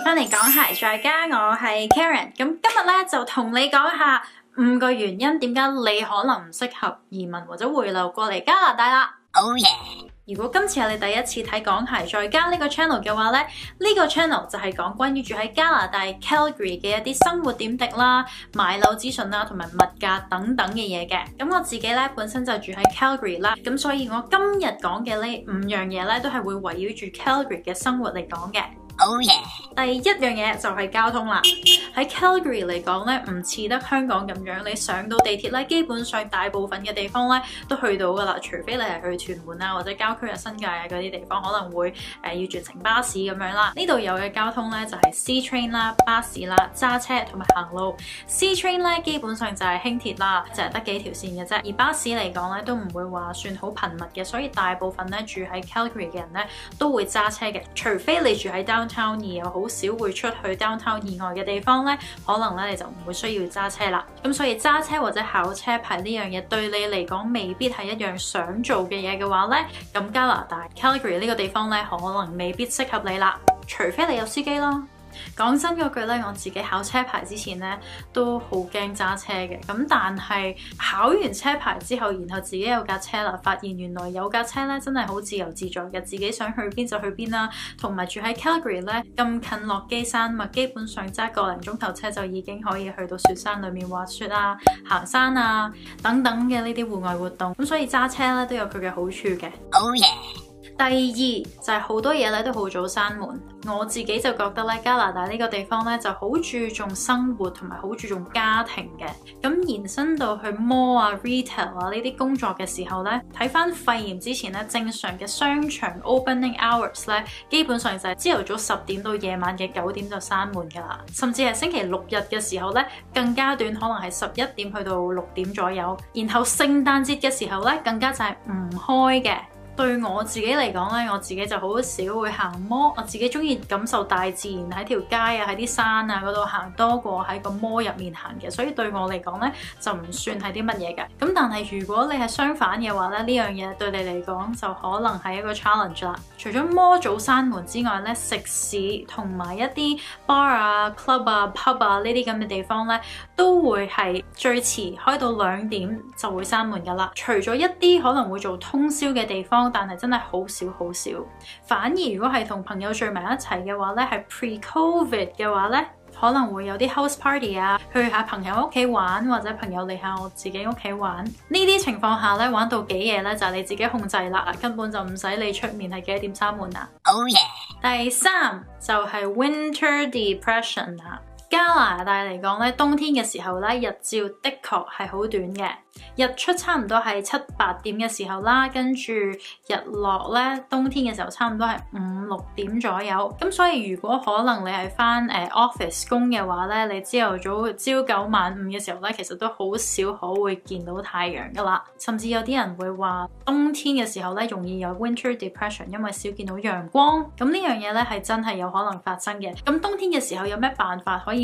翻嚟港孩在加我，我係 Karen。咁今日咧就同你講下五個原因，點解你可能唔適合移民或者回流過嚟加拿大啦。哦、oh、yeah! 如果今次係你第一次睇港孩在加呢個 channel 嘅話咧，呢個 channel 就係講關於住喺加拿大 Calgary 嘅一啲生活點滴啦、買樓資訊啦、同埋物價等等嘅嘢嘅。咁我自己咧本身就住喺 Calgary 啦，咁所以我今日講嘅呢五樣嘢咧都係會圍繞住 Calgary 嘅生活嚟講嘅。Oh yeah. 第一樣嘢就係交通啦，喺 Calgary 嚟講咧唔似得香港咁樣，你上到地鐵咧，基本上大部分嘅地方咧都去到噶啦，除非你係去屯門啊，或者郊區啊、新界啊嗰啲地方，可能會誒、呃、要轉乘巴士咁樣啦。呢度有嘅交通咧就係、是、C Train 啦、rain, 巴士啦、啊、揸車同埋行路。C Train 咧基本上就係輕鐵啦，就係得幾條線嘅啫。而巴士嚟講咧都唔會話算好頻密嘅，所以大部分咧住喺 Calgary 嘅人咧都會揸車嘅，除非你住喺 town 而又好少會出去 Downtown 以外嘅地方咧，可能咧你就唔會需要揸車啦。咁所以揸車或者考車牌呢樣嘢對你嚟講未必係一樣想做嘅嘢嘅話咧，咁加拿大 Calgary 呢個地方咧可能未必適合你啦，除非你有司機啦。講真嗰句咧，我自己考車牌之前咧都好驚揸車嘅。咁但係考完車牌之後，然後自己有架車啦，發現原來有架車咧真係好自由自在嘅，自己想去邊就去邊啦。同埋住喺 Calgary 咧咁近落基山，咪基本上揸個零鐘頭車就已經可以去到雪山裏面滑雪啊、行山啊等等嘅呢啲戶外活動。咁所以揸車咧都有佢嘅好處嘅。Oh yeah! 第二就係、是、好多嘢咧都好早閂門，我自己就覺得咧加拿大呢個地方咧就好注重生活同埋好注重家庭嘅。咁延伸到去 mall 啊、retail 啊呢啲工作嘅時候咧，睇翻肺炎之前咧正常嘅商場 opening hours 咧，基本上就係朝頭早十點到夜晚嘅九點就閂門噶啦，甚至係星期六日嘅時候咧更加短，可能係十一點去到六點左右。然後聖誕節嘅時候咧更加就係唔開嘅。對我自己嚟講咧，我自己就好少會行摩，我自己中意感受大自然喺條街啊、喺啲山啊嗰度行多過喺個摩入面行嘅，所以對我嚟講咧就唔算係啲乜嘢嘅。咁但係如果你係相反嘅話咧，呢樣嘢對你嚟講就可能係一個 challenge 啦。除咗摩早閂門之外咧，食肆同埋一啲 bar 啊、club 啊、pub 啊呢啲咁嘅地方咧，都會係最遲開到兩點就會閂門㗎喇。除咗一啲可能會做通宵嘅地方。但係真係好少好少，反而如果係同朋友聚埋一齊嘅話咧，係 pre-COVID 嘅話咧，可能會有啲 house party 啊，去下朋友屋企玩，或者朋友嚟下我自己屋企玩。呢啲情況下咧，玩到幾夜咧，就係你自己控制啦，根本就唔使你出面係幾多點閂門啦。Oh yeah. 第三就係 winter depression 啦。加拿大嚟講咧，冬天嘅時候咧，日照的確係好短嘅，日出差唔多係七八點嘅時候啦，跟住日落咧，冬天嘅時候差唔多係五六點左右。咁所以如果可能你係翻誒 office 工嘅話咧，你朝頭早朝九晚五嘅時候咧，其實都好少可會見到太陽噶啦。甚至有啲人會話冬天嘅時候咧，容易有 winter depression，因為少見到陽光。咁呢樣嘢咧，係真係有可能發生嘅。咁冬天嘅時候有咩辦法可以？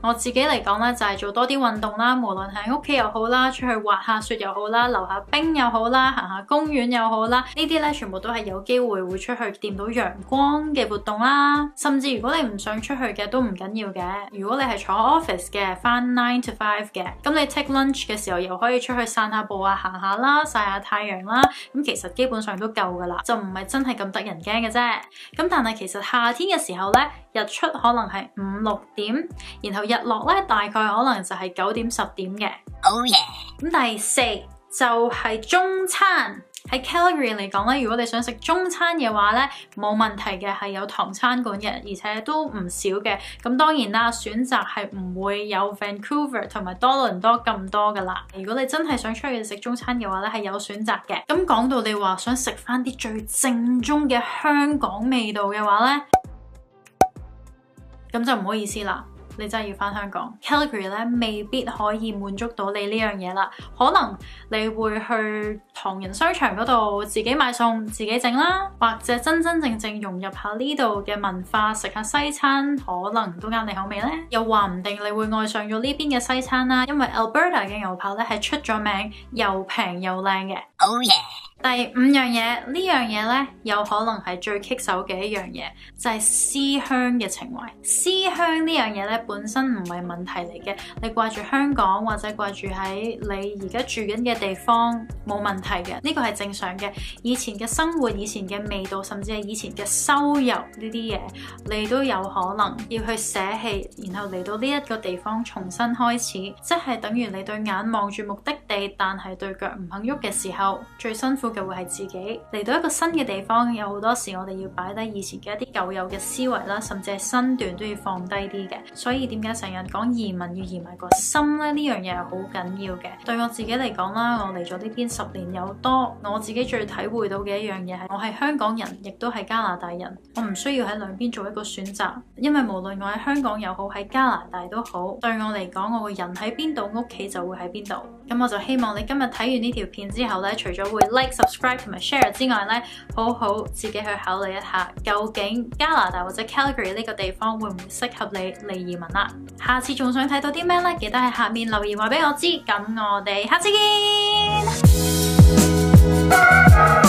我自己嚟講咧，就係、是、做多啲運動啦，無論喺屋企又好啦，出去滑下雪又好啦，溜下冰又好啦，行下公園又好啦，呢啲咧全部都係有機會會出去掂到陽光嘅活動啦。甚至如果你唔想出去嘅，都唔緊要嘅。如果你係坐 office 嘅，返 nine to five 嘅，咁你 take lunch 嘅時候又可以出去散下步啊，行下啦，曬下太陽啦，咁其實基本上都夠㗎啦，就唔係真係咁得人驚嘅啫。咁但係其實夏天嘅時候咧。日出可能係五六點，然後日落咧大概可能就係九點十點嘅。好耶！咁第四就係中餐，喺 Calgary 嚟講咧，如果你想食中餐嘅話咧，冇問題嘅係有唐餐館嘅，而且都唔少嘅。咁當然啦，選擇係唔會有 Vancouver 同埋多倫多咁多噶啦。如果你真係想出去食中餐嘅話咧，係有選擇嘅。咁講到你話想食返啲最正宗嘅香港味道嘅話咧。咁就唔好意思啦，你真係要返香港，Calgary 咧未必可以滿足到你呢樣嘢啦，可能你會去唐人商場嗰度自己買餸自己整啦，或者真真正正融入下呢度嘅文化，食下西餐可能都啱你口味呢。又話唔定你會愛上咗呢邊嘅西餐啦，因為 Alberta 嘅牛扒咧係出咗名，又平又靚嘅。Oh yeah. 第五樣嘢，呢樣嘢呢，有可能係最棘手嘅一樣嘢，就係思鄉嘅情懷。思鄉呢樣嘢呢，本身唔係問題嚟嘅，你掛住香港或者掛住喺你而家住緊嘅地方冇問題嘅，呢個係正常嘅。以前嘅生活、以前嘅味道，甚至係以前嘅收入呢啲嘢，你都有可能要去捨棄，然後嚟到呢一個地方重新開始，即係等於你對眼望住目的地，但係對腳唔肯喐嘅時候最辛苦。嘅會係自己嚟到一個新嘅地方，有好多時我哋要擺低以前嘅一啲舊有嘅思維啦，甚至係身段都要放低啲嘅。所以點解成日講移民要移民個心咧？呢樣嘢係好緊要嘅。對我自己嚟講啦，我嚟咗呢邊十年有多，我自己最體會到嘅一樣嘢係，我係香港人，亦都係加拿大人，我唔需要喺兩邊做一個選擇，因為無論我喺香港又好，喺加拿大都好，對我嚟講，我個人喺邊度，屋企就會喺邊度。咁我就希望你今日睇完呢條片之後咧，除咗會 like。subscribe 同埋 share 之外咧，好好自己去考慮一下，究竟加拿大或者 Calgary 呢個地方會唔會適合你嚟移民啦？下次仲想睇到啲咩咧？記得喺下面留言話俾我知。咁我哋下次見。